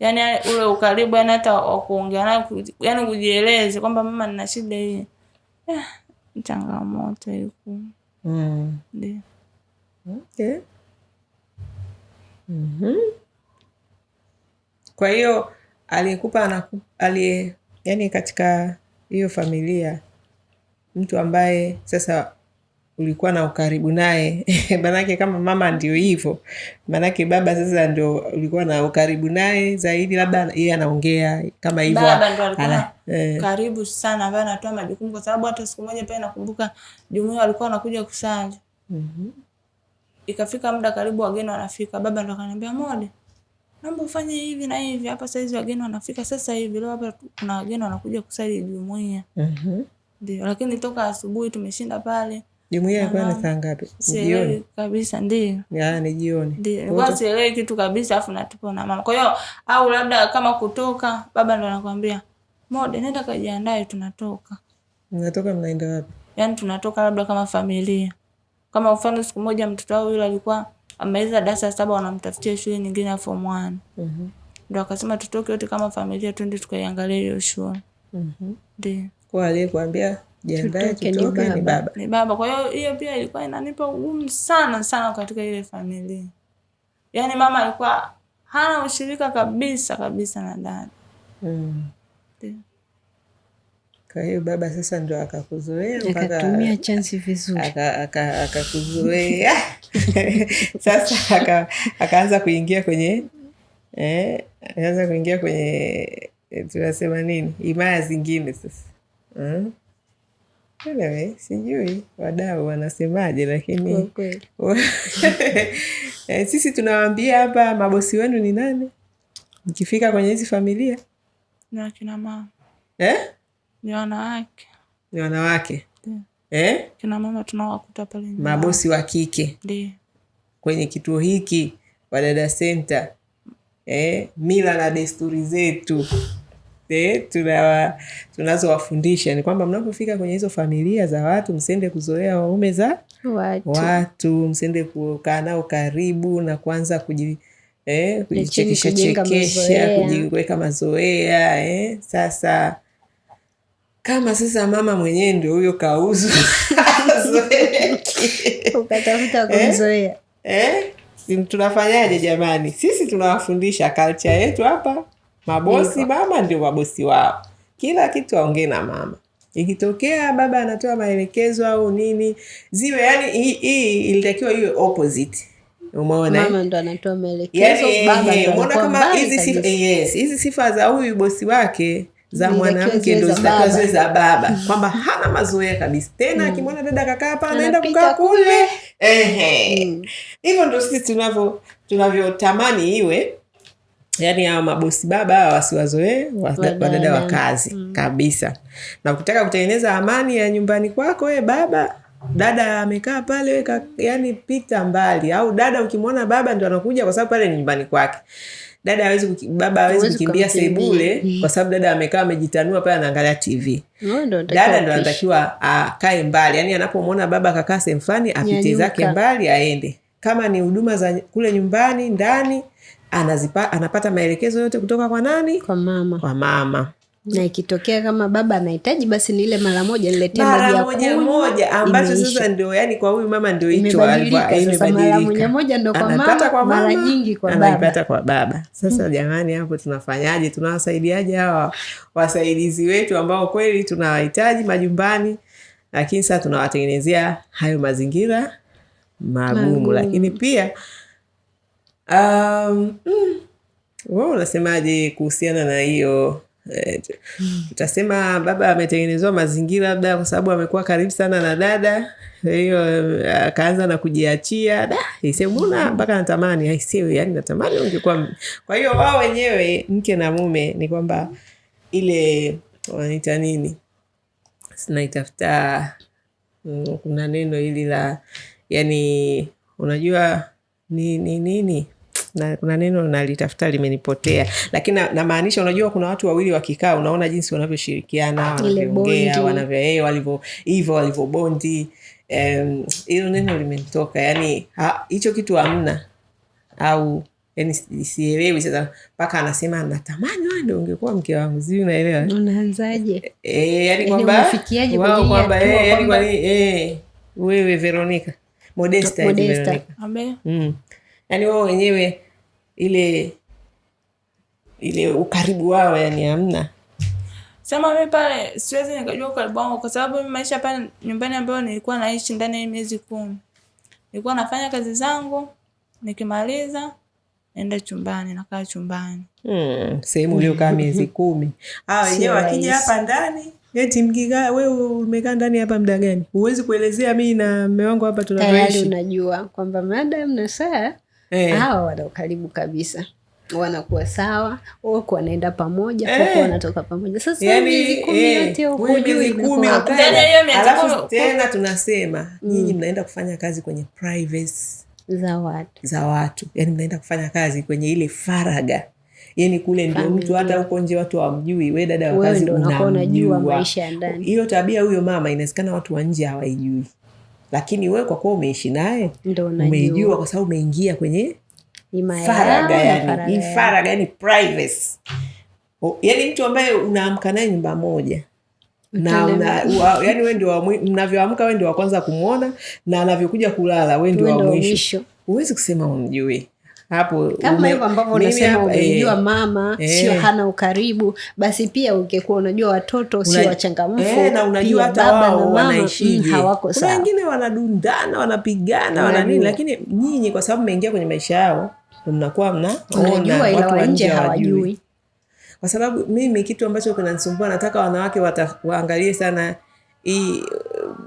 yani yaani ule ukaribu, yani hata wa kuongea naye, yani kujieleze kwamba mama, nina shida hii, eh, changamoto iku mm. Ndio okay. mm -hmm. Kwa hiyo aliyekupa aliye, yani katika hiyo familia mtu ambaye sasa ulikuwa na ukaribu naye maanake kama mama ndio hivyo, maanake baba sasa ndio ulikuwa na ukaribu naye zaidi, labda yeye anaongea kama hivyo, eh, karibu sana, ambaye anatoa majukumu, kwa sababu hata siku moja pia nakumbuka jumuia walikuwa wanakuja kusali mm -hmm. Ikafika muda karibu wageni wanafika, baba ndo akaniambia Mode, naomba ufanye hivi na hivi hapa, saizi wageni wanafika sasa hivi, leo hapa kuna wageni wanakuja kusali jumuiya mm -hmm. lakini toka asubuhi tumeshinda pale Jumuiya ilikuwa ni saa ngapi? Jioni kabisa, ndio ya ni jioni, ndio sielewi kitu kabisa, afu natupa na mama. Kwa hiyo au labda kama kutoka, baba ndo anakuambia Mode, nenda kajiandae, tunatoka. Mnatoka mnaenda wapi? Yaani tunatoka labda kama familia, kama mfano siku moja mtoto wao yule alikuwa ameweza darasa saba, wanamtafutia shule nyingine ya form one. Mhm, ndo akasema tutoke wote kama familia, twende tukaiangalia hiyo shule. Mhm, ndio kwa aliyekuambia Jembaye ni baba, ni baba. Kwa hiyo hiyo pia ilikuwa inanipa ugumu sana sana katika ile familia, yaani mama alikuwa hana ushirika kabisa kabisa na dada mm. Kwa hiyo baba sasa ndo akakuzoea mpaka akatumia chansi vizuri, akakuzoea sasa aka, akaanza kuingia kwenye eh, akaanza kuingia kwenye tunasema nini, imaya zingine sasa mm. Anyway, sijui wadau wanasemaje, lakini eh, sisi tunawaambia hapa, mabosi wenu ni nani mkifika kwenye hizi familia? Ni wakina mama eh? Ni wanawake, ni wanawake eh? Kina mama tunawakuta pale, mabosi wa kike kwenye kituo hiki Wadada Center eh? Mila na desturi zetu tuna tunazowafundisha ni kwamba mnapofika kwenye hizo familia za watu, msiende kuzoea waume za watu, watu msiende kukaa nao karibu na kuanza kuji eh, kujichekesha chekesha, kujiweka mazoea eh. Sasa kama sasa mama mwenyewe ndio huyo kauzu ukatafuta eh? kumzoea eh? eh? Tunafanyaje jamani? Sisi tunawafundisha kalcha yetu hapa Mabosi mama ndio mabosi wao, kila kitu aongee na mama. Ikitokea baba anatoa maelekezo au nini, ziwe yani, hii ilitakiwa iwe opposite. Umeona, mama ndo anatoa maelekezo, baba umeona kama hizi sifa, yes, sifa za huyu bosi wake za mwanamke ndo zitakiwa ziwe za baba, kwamba hana mazoea kabisa tena. Mm. Akimwona dada kakaa hapa, anaenda kukaa kule. Ehe, mm. hivyo ndo sisi tunavyo tunavyotamani iwe yani hawa mabosi baba hawa wasiwazoee wadada wa kazi mm. kabisa na ukitaka kutengeneza amani ya nyumbani kwako e baba dada amekaa pale weka yani pita mbali au dada ukimwona baba ndo anakuja kwa sababu pale ni nyumbani kwake dada hawezi baba awezi kukimbia sebule kwa sababu dada amekaa amejitanua pale anaangalia tv dada ndo anatakiwa akae mbali yani anapomwona baba akakaa sehemu fulani apite zake mbali aende kama ni huduma za kule nyumbani ndani anazipa, anapata maelekezo yote kutoka kwa nani? Kwa mama, kwa mama na ikitokea kama baba anahitaji basi ni ile mara moja niletee mara moja moja, ambacho sasa ndio yani kwa huyu mama ndio hicho imebadilika. Mara kwa mama, mara nyingi kwa baba anaipata kwa baba. Sasa hmm, jamani, hapo tunafanyaje? Tunawasaidiaje hawa wasaidizi wetu ambao kweli tunawahitaji majumbani, lakini sasa tunawatengenezea hayo mazingira magumu, lakini pia Um, mm, unasemaje kuhusiana na hiyo? Eh, utasema baba ametengenezewa mazingira, labda kwa sababu amekuwa karibu sana na dada, hiyo eh, akaanza na kujiachia. Da, mbona mpaka natamani aisee, yani natamani ungekuwa. Kwa hiyo wao wenyewe mke na mume ni kwamba ile wanaita nini, sinaitafuta mm, kuna neno hili la yani, unajua ni nini, nini na kuna neno nalitafuta limenipotea, mm. lakini namaanisha, unajua kuna watu wawili wakikaa, unaona jinsi wanavyoshirikiana, wanavyoongea, wanavyo eh, walivyo hivyo walivyobondi. Hilo um, neno limenitoka, yani hicho kitu hamna au yani sielewi sasa, mpaka anasema natamani wewe ungekuwa mke wangu, sijui unaelewa. Eh, eh, yaani yaani yaani wewe Modesta, Modesta. Mm. Yani wao wenyewe ile ile ukaribu wao yani hamna. Sema mimi pale siwezi nikajua ukaribu wangu, kwa sababu mimi maisha pale nyumbani ambayo nilikuwa naishi ndani ya miezi kumi, nilikuwa nafanya kazi zangu, nikimaliza naenda chumbani, nakaa chumbani mm, sehemu uliokaa miezi kumi. Ah, wenyewe wakija hapa ndani eti mgiga wewe umekaa ndani hapa muda gani? Huwezi kuelezea mimi na mume wangu hapa tunavyoishi. Unajua kwamba madam na saa hey. Eh. Hawa wana ukaribu kabisa, wanakuwa sawa, wako wanaenda pamoja hey. Wako eh. wanatoka pamoja. Sasa yani, miezi kumi hey. Eh, yote hujui kumi, yaani, alafu tena tunasema nyinyi mm. mnaenda kufanya kazi kwenye privacy za watu za watu, yani mnaenda kufanya kazi kwenye ile faraga yani kule ndio mtu hata huko nje watu hawamjui, we dada wa kazi ndani Hiyo tabia huyo mama, inawezekana watu wa nje hawaijui, lakini wewe kwa kuwa umeishi naye umeijua, kwa sababu umeingia kwenye faraga, yani yani privacy, yani mtu ambaye unaamka naye nyumba moja na una, wa, yani we ndio mnavyoamka, we ndio wa kwanza kumwona, na anavyokuja kulala we ndio wa mwisho. Huwezi kusema umjui hapo kama hivyo ambavyo unasema eh, umejua e, mama e, sio hana ukaribu, basi pia ungekuwa unajua watoto sio wachangamfu e, na unajua hata wao wanaishije, mm, hawako sawa. Wengine wanadundana, wanapigana, wana nini, lakini nyinyi kwa sababu mmeingia kwenye maisha yao mnakuwa mnaona watu wa nje hawajui. Kwa sababu mimi kitu ambacho kinanisumbua, nataka wanawake waangalie sana hii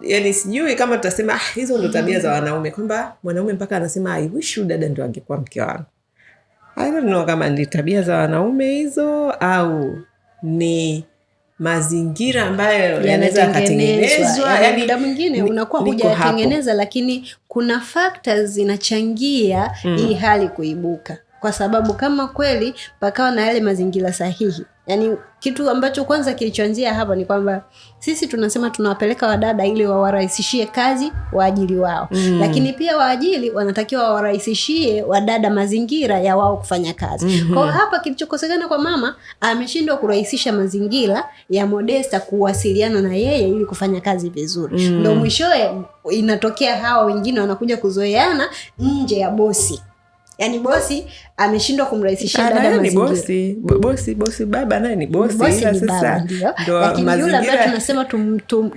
yani sijui kama tutasema ah, hizo ndo tabia za wanaume, kwamba mwanaume mpaka anasema I wish dada ndo angekuwa mke wangu. I don't know kama ni tabia za wanaume hizo au ni mazingira ambayo yanaweza yakatengenezwa. Yani muda mwingine unakuwa hujayatengeneza, lakini kuna factors zinachangia mm. hii hali kuibuka, kwa sababu kama kweli pakawa na yale mazingira sahihi yani kitu ambacho kwanza kilichoanzia hapa ni kwamba sisi tunasema tunawapeleka wadada ili wawarahisishie kazi waajili wao mm. Lakini pia waajili wanatakiwa wawarahisishie wadada mazingira ya wao kufanya kazi mm -hmm. Kwao hapa kilichokosekana kwa mama, ameshindwa kurahisisha mazingira ya Modesta kuwasiliana na yeye ili kufanya kazi vizuri mm. Ndo mwishowe inatokea hawa wengine wanakuja kuzoeana nje ya bosi yani bosi ameshindwa kumrahisishia ah, dada ni bosi bosi bosi baba naye ni bosi ila sasa ndo mazingira tunasema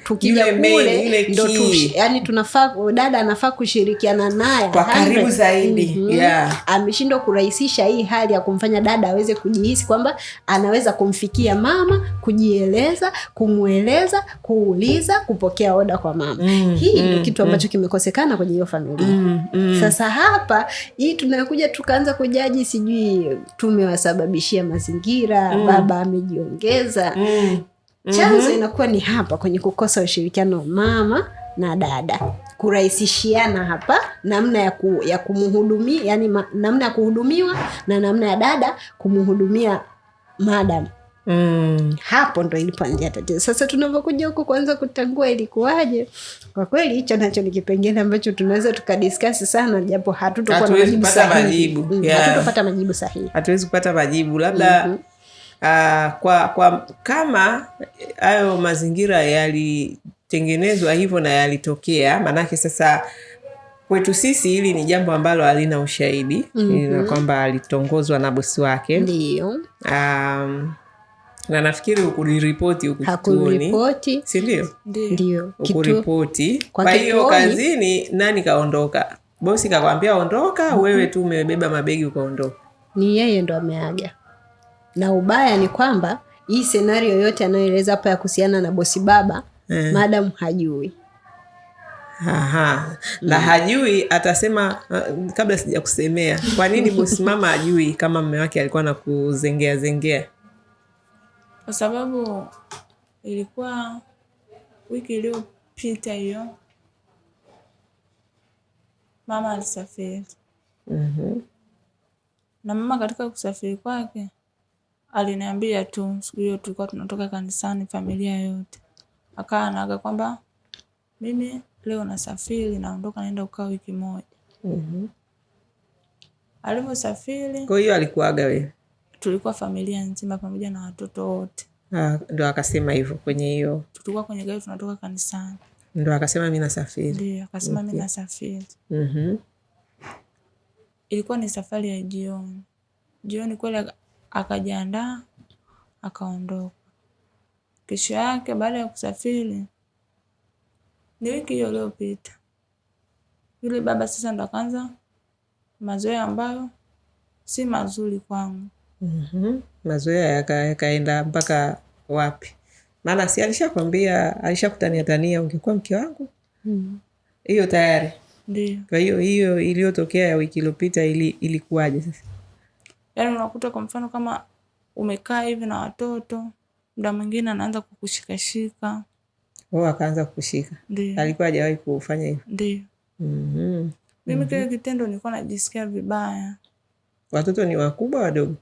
tukija kule ndo yani tunafaa dada anafaa kushirikiana naye kwa karibu zaidi mm-hmm. yeah. ameshindwa kurahisisha hii hali ya kumfanya dada aweze kujihisi kwamba anaweza kumfikia mama kujieleza kumweleza kuuliza kupokea oda kwa mama mm, hii mm, kitu mm. ambacho mm. kimekosekana kwenye hiyo familia mm, mm. sasa hapa hii tunayo tumekuja tukaanza kujaji, sijui tumewasababishia mazingira mm. baba amejiongeza mm. Mm-hmm. chanzo mm -hmm. inakuwa ni hapa kwenye kukosa ushirikiano wa mama na dada kurahisishiana hapa namna ya, ku, ya kumhudumia yani ma, namna ya kuhudumiwa na namna ya dada kumhudumia madam Mm, hapo ndo ilipoanzia tatizo. Sasa tunavyokuja huku kuanza kutangua ilikuwaje, kwa kweli hicho nacho ni kipengele ambacho tunaweza tukadiskasi sana, japo na majibu sahihi, mm, hatutopata majibu sahihi, hatuwezi kupata majibu labda mm -hmm. Uh, kwa, kwa kama hayo mazingira yalitengenezwa hivyo na yalitokea, maanake sasa kwetu sisi hili ni jambo ambalo halina ushahidi mm -hmm. kwamba alitongozwa na bosi wake. Ndio. Um, na nafikiri ukuripoti ukuchuoni sindio ndio? ukuripoti. Kwa hiyo kazini, nani kaondoka? Bosi kakwambia ondoka? mm -hmm. Wewe tu umebeba mabegi ukaondoka? Ni yeye ndo ameaga. Na ubaya ni kwamba hii senario yote anayoeleza hapa ya kuhusiana na bosi baba eh, madam hajui Aha. Na mm. hajui atasema, uh, kabla sija kusemea, kwa nini bosi mama ajui kama mme wake alikuwa na kuzengea zengea? kwa sababu ilikuwa wiki iliyopita hiyo mama alisafiri. mm -hmm. Na mama katika kusafiri kwake aliniambia tu, siku hiyo tulikuwa tunatoka kanisani familia yote, akawa anaaga kwamba mimi leo nasafiri, naondoka naenda kukaa wiki moja. mm -hmm. Alivyosafiri, kwa hiyo alikuaga wewe tulikuwa familia nzima pamoja na watoto wote. Ndo akasema hivyo kwenye hiyo, tulikuwa kwenye gari tunatoka kanisani, ndo akasema mi nasafiri. Ndio akasema okay. mi nasafiri mm -hmm. Ilikuwa ni safari ya jioni, jioni kweli akajiandaa akaondoka. Kesho yake baada ya kusafiri, ni wiki hiyo iliyopita, yule baba sasa ndo akaanza mazoea ambayo si mazuri kwangu. Mhm. Mazoea yaka yakaenda mpaka wapi? Maana si alishakwambia alishakutania tania ungekuwa mke wangu Mm. hiyo tayari. Ndio. Kwa hiyo hiyo iliyotokea ya wiki iliyopita ili, ilikuwaje sasa? Yani unakuta kwa mfano kama umekaa hivi na watoto, mda mwingine anaanza kukushikashika. Oh, akaanza kukushika. Ndio. Alikuwa hajawahi kufanya hivyo. Ndio. Mhm. Mimi kile mm-hmm. kitendo nilikuwa najisikia vibaya. Watoto ni wakubwa wadogo?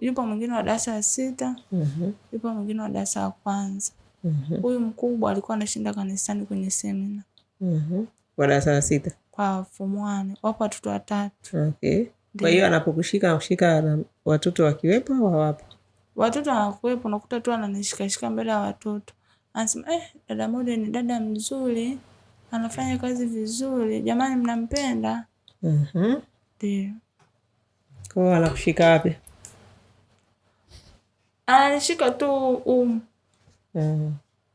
yupo mwingine wa darasa la sita mm -hmm. yupo mwingine wa darasa la kwanza mhm. huyu mm -hmm. mkubwa alikuwa anashinda kanisani kwenye semina mm -hmm. wa darasa la sita kwa fumwane, wapo watoto watatu okay. Kwa hiyo anapokushika nakushika watoto wakiwepo au hawapo? Watoto hawakuwepo, nakuta tu ananishikashika mbele ya watoto, anasema eh, dada moja ni dada mzuri, anafanya kazi vizuri, jamani, mnampenda. mm -hmm. Anakushika wapi? ananishika ah, tu umu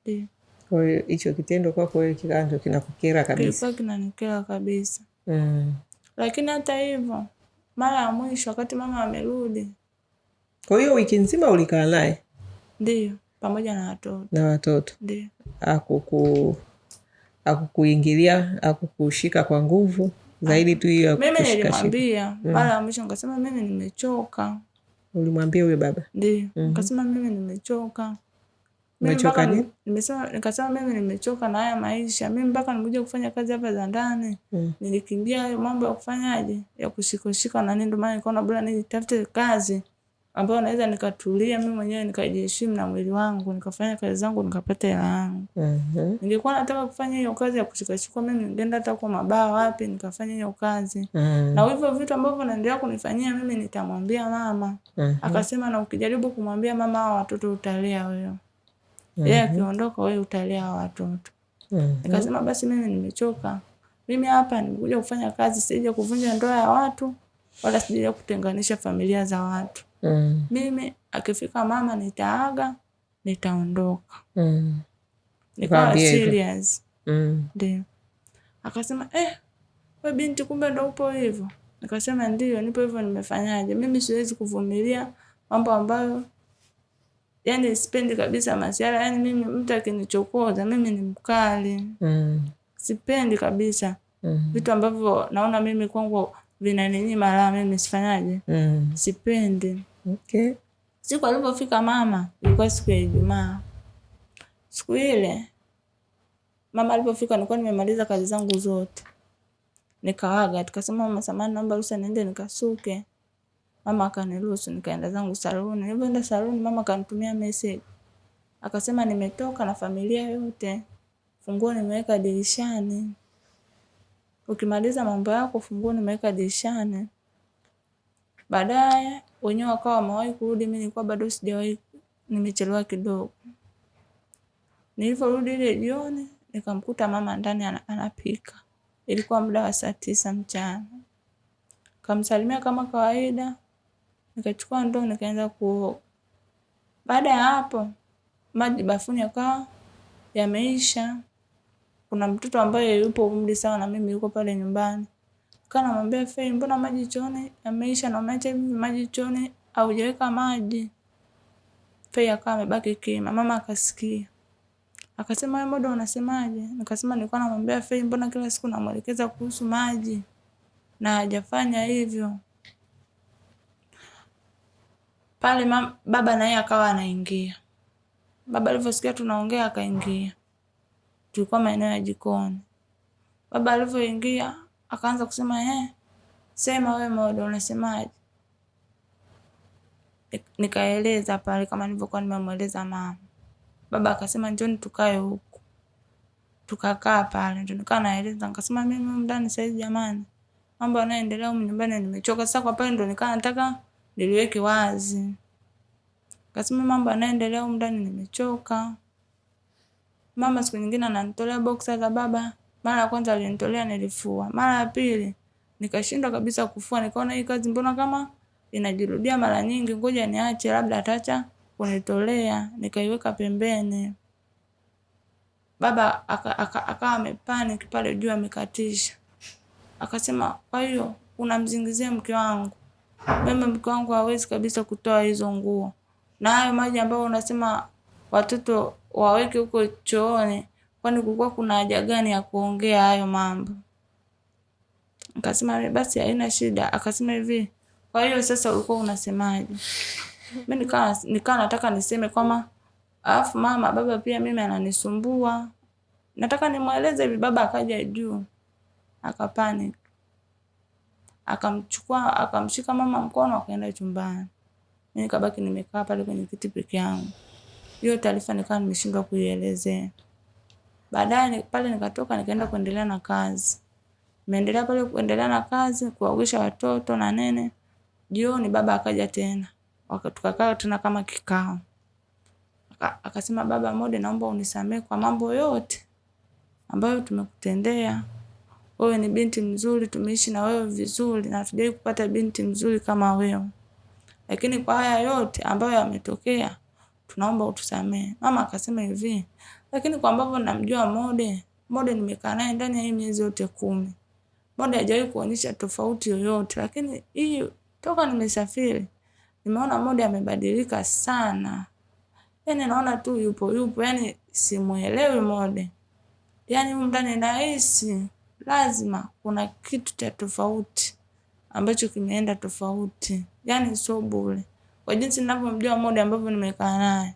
eh. Kwa hiyo hicho kitendo kwako wewe kikawa ndio kinakukera kabisa? kinanikera kabisa mm. Lakini hata hivyo, mara ya mwisho wakati mama amerudi. Kwa hiyo wiki nzima ulikaa naye? Ndio, pamoja na watoto. Na watoto ndio. Akuku akukuingilia akukushika kwa nguvu zaidi tu hiyo? Mimi nilimwambia eh. mara ya mwisho nikasema, mimi nimechoka Ulimwambia huyo baba? Ndio. mm -hmm. Nikasema mimi nimechoka. nini? nikasema mimi nimechoka na haya maisha. Mimi mpaka nikuja kufanya kazi hapa za ndani. Mm. Nilikimbia hayo mambo ya kufanyaje? Ya kushikoshika na nini ndio maana nikaona bora nitafute kazi ambayo naweza nikatulia mimi mwenyewe nikajiheshimu na mwili wangu nikafanya kazi zangu nikapata hela yangu. mm Ningekuwa nataka kufanya hiyo kazi ya kushikashikwa, mimi ningeenda hata kwa mabaa wapi nikafanya hiyo kazi. mm Na hivyo vitu ambavyo naendelea kunifanyia mimi nitamwambia mama. mm Akasema na ukijaribu kumwambia mama hao watoto utalia wewe. mm-hmm. akiondoka wewe utalia hao watoto. mm Nikasema basi mimi nimechoka, mimi hapa nimekuja kufanya kazi, sija kuvunja ndoa ya watu wala sija kutenganisha familia za watu. Mm. Mimi akifika mama nitaaga, nitaondoka. Mm. Nikawa serious. Mm. Ndio. Akasema eh, we binti, kumbe ndo upo hivyo. Nikasema ndio, nipo hivyo, nimefanyaje? Mimi siwezi kuvumilia mambo ambayo yani sipendi kabisa masiara. Yani mimi mtu akinichokoza mimi ni mkali. Mm. Sipendi kabisa mm. vitu mm. ambavyo naona mimi kwangu vinaninyima raha, mimi sifanyaje? Mm. Sipendi. mm. Okay. Siku alipofika mama ilikuwa siku ya Ijumaa. Siku ile mama alipofika nilikuwa nimemaliza kazi zangu zote. Nikawaga tukasema mama, samahani, naomba ruhusa niende nikasuke. Mama akaniruhusu nikaenda zangu saluni. Nilipoenda saluni, mama akanitumia message. Akasema nimetoka na familia yote. Funguo nimeweka dirishani. Ukimaliza mambo yako, funguo nimeweka dirishani. Baadaye wenyewe wakawa wamewahi kurudi, mimi nilikuwa bado sijawahi, nimechelewa kidogo. Nilivyorudi ile jioni nikamkuta mama ndani anapika, ilikuwa muda wa saa tisa mchana. Kamsalimia kama kawaida, nikachukua ndoo nikaanza kuoga. Baada ya hapo, maji bafuni yakawa yameisha. Kuna mtoto ambaye yupo umri sawa na mimi yuko pale nyumbani, Kaa namwambia Fei, mbona maji chooni yameisha na umeacha hivi maji chooni haujaweka maji? Fei akawa amebaki kima. Mama akasikia. Akasema wewe boda unasemaje? Nikasema nilikuwa namwambia Fei, mbona kila siku namwelekeza kuhusu maji na hajafanya hivyo. Pale mama, baba naye akawa anaingia. Baba alivyosikia tunaongea akaingia. Tulikuwa maeneo ya jikoni. Baba alivyoingia Akaanza kusema eh, sema wewe Modo, unasemaje? Nikaeleza pale kama nilivyokuwa nimemweleza mama. Baba akasema njoni tukae huku, tukakaa pale, ndio nikaa naeleza, nikasema mimi huko ndani saizi, jamani, mambo yanaendelea huko nyumbani nimechoka. Sasa kwa pale ndio nikaa nataka niliweke wazi, nikasema mambo yanaendelea huko ndani nimechoka. Mama siku nyingine ananitolea boksa za baba mara ya kwanza alinitolea nilifua, mara ya pili nikashindwa kabisa kufua. Nikaona hii kazi mbona kama inajirudia mara nyingi, ngoja niache, labda atacha kunitolea. Nikaiweka pembeni. Baba akawa amepanic pale juu, amekatisha, akasema, kwa hiyo unamzingizia mke wangu? Mimi mke wangu hawezi kabisa kutoa hizo nguo, na hayo maji ambayo unasema watoto waweke huko chooni kwani kulikuwa kuna haja gani ya kuongea hayo mambo? Nikasema basi haina shida. Akasema hivi, kwa hiyo sasa ulikuwa unasemaje? Mi nikawa nikawa nataka niseme kwamba alafu mama baba pia mimi ananisumbua, nataka nimweleze hivi. Baba akaja juu akapani akamchukua akamshika mama mkono, akaenda chumbani. Mimi nikabaki nimekaa pale kwenye kiti peke yangu. Hiyo taarifa nikawa nimeshindwa kuielezea. Baadaye pale nikatoka nikaenda kuendelea na kazi. Nimeendelea pale kuendelea na kazi, kuwaogesha watoto na nene. Jioni baba akaja tena. Tukakaa tena kama kikao. Akasema, baba Mode, naomba unisamehe kwa mambo yote ambayo tumekutendea. Wewe ni binti mzuri, tumeishi na wewe vizuri na hatujawahi kupata binti mzuri kama wewe. Lakini kwa haya yote ambayo yametokea, tunaomba utusamehe. Mama akasema hivi, lakini kwa ambavyo namjua Mode, Mode nimekaa naye ndani ya hii miezi yote kumi, Mode hajawahi kuonyesha tofauti yoyote. Lakini hii toka nimesafiri, nimeona Mode amebadilika sana, Yani naona tu yupo yupo, yani simuelewi Mode, Yani humu ndani nahisi lazima kuna kitu cha tofauti ambacho kimeenda tofauti, yani sio bure, kwa jinsi ninavyomjua Mode ambavyo nimekaa naye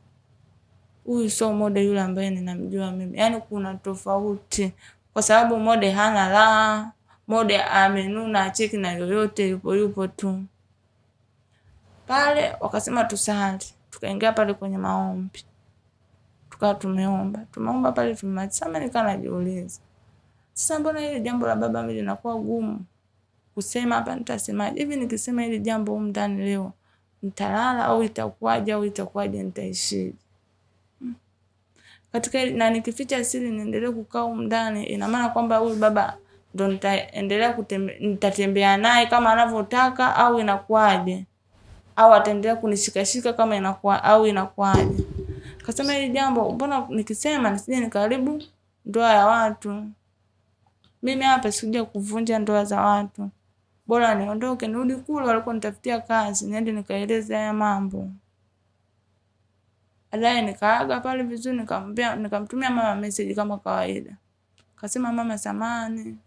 huyu sio Mode yule ambaye ninamjua mimi. Yaani kuna tofauti, kwa sababu Mode hana raha, Mode amenuna, acheki na yoyote, yupo yupo tu pale. Wakasema tusali, tukaingia pale kwenye maombi, tukawa tumeomba, tumeomba pale, tumemaliza. Mimi nikawa najiuliza sasa, mbona hili jambo la baba mimi linakuwa gumu kusema hapa, nitasemaje? Hivi nikisema hili jambo huko ndani leo nitalala au itakuwaje? Au itakuwaje nitaishije? katika na nikificha siri niendelee kukaa huko ndani, ina maana kwamba huyu baba ndo nitaendelea nitatembea naye kama anavyotaka, au inakuwaje? Au ataendelea kunishikashika kama inakuwa au inakuwaje? Kasema hili jambo, mbona nikisema nisije nikaribu ndoa ya watu. Mimi hapa sikuja kuvunja ndoa za watu, bora niondoke, nirudi kule walikuwa nitafutia kazi, niende nikaeleza haya mambo. Baadaye nikaaga pale vizuri, nikamwambia nikamtumia mama message kama kawaida, kasema mama, samani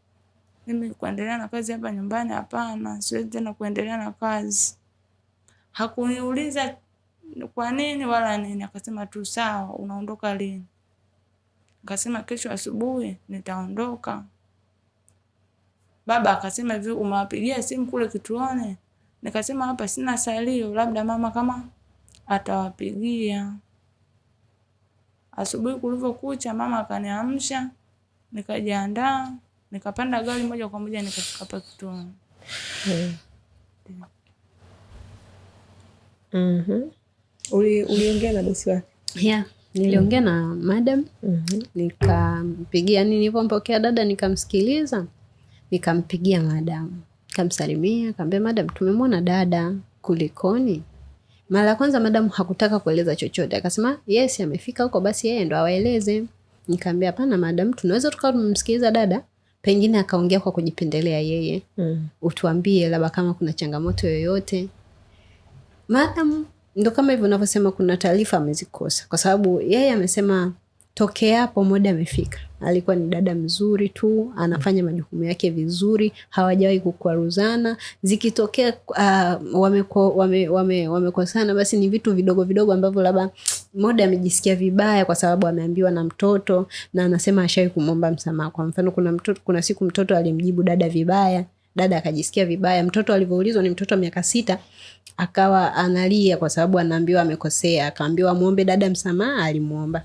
mimi kuendelea na kazi hapa nyumbani hapana, siwezi tena kuendelea na kazi. Hakuniuliza kwa nini wala nini, akasema tu sawa, unaondoka lini? Akasema kesho asubuhi nitaondoka. Baba akasema hivi, umewapigia simu kule kituoni? Nikasema hapa sina salio, labda mama kama atawapigia. Asubuhi kulivyokucha, mama akaniamsha, nikajiandaa, nikapanda gari moja kwa moja nikafika hapa kituo. Mm-hmm. Uliongea na bosi wake? Yeah, niliongea na madam. mm -hmm. Nikampigia, yani nilipompokea dada nikamsikiliza, nikampigia madam, kamsalimia kaambia madam, tumemwona dada, kulikoni? Mara ya kwanza madam hakutaka kueleza chochote, akasema yes, amefika huko, basi yeye ndo awaeleze. Nikaambia hapana madam, tunaweza tukawa tumemsikiliza dada, pengine akaongea kwa kujipendelea yeye mm. Utuambie labda kama kuna changamoto yoyote madam. Ndo kama hivyo unavyosema, kuna taarifa amezikosa kwa sababu yeye amesema tokea hapo muda amefika. Alikuwa ni dada mzuri tu, anafanya majukumu yake vizuri, hawajawahi kukwaruzana. Zikitokea uh, ah, wamekosana wame, wame, wame basi ni vitu vidogo vidogo ambavyo labda moda amejisikia vibaya kwa sababu ameambiwa na mtoto na anasema ashawai kumwomba msamaha. Kwa mfano, kuna mtoto, kuna siku mtoto alimjibu dada vibaya, dada akajisikia vibaya. Mtoto alivyoulizwa ni mtoto wa miaka sita, akawa analia kwa sababu anaambiwa amekosea, akaambiwa amwombe dada msamaha, alimwomba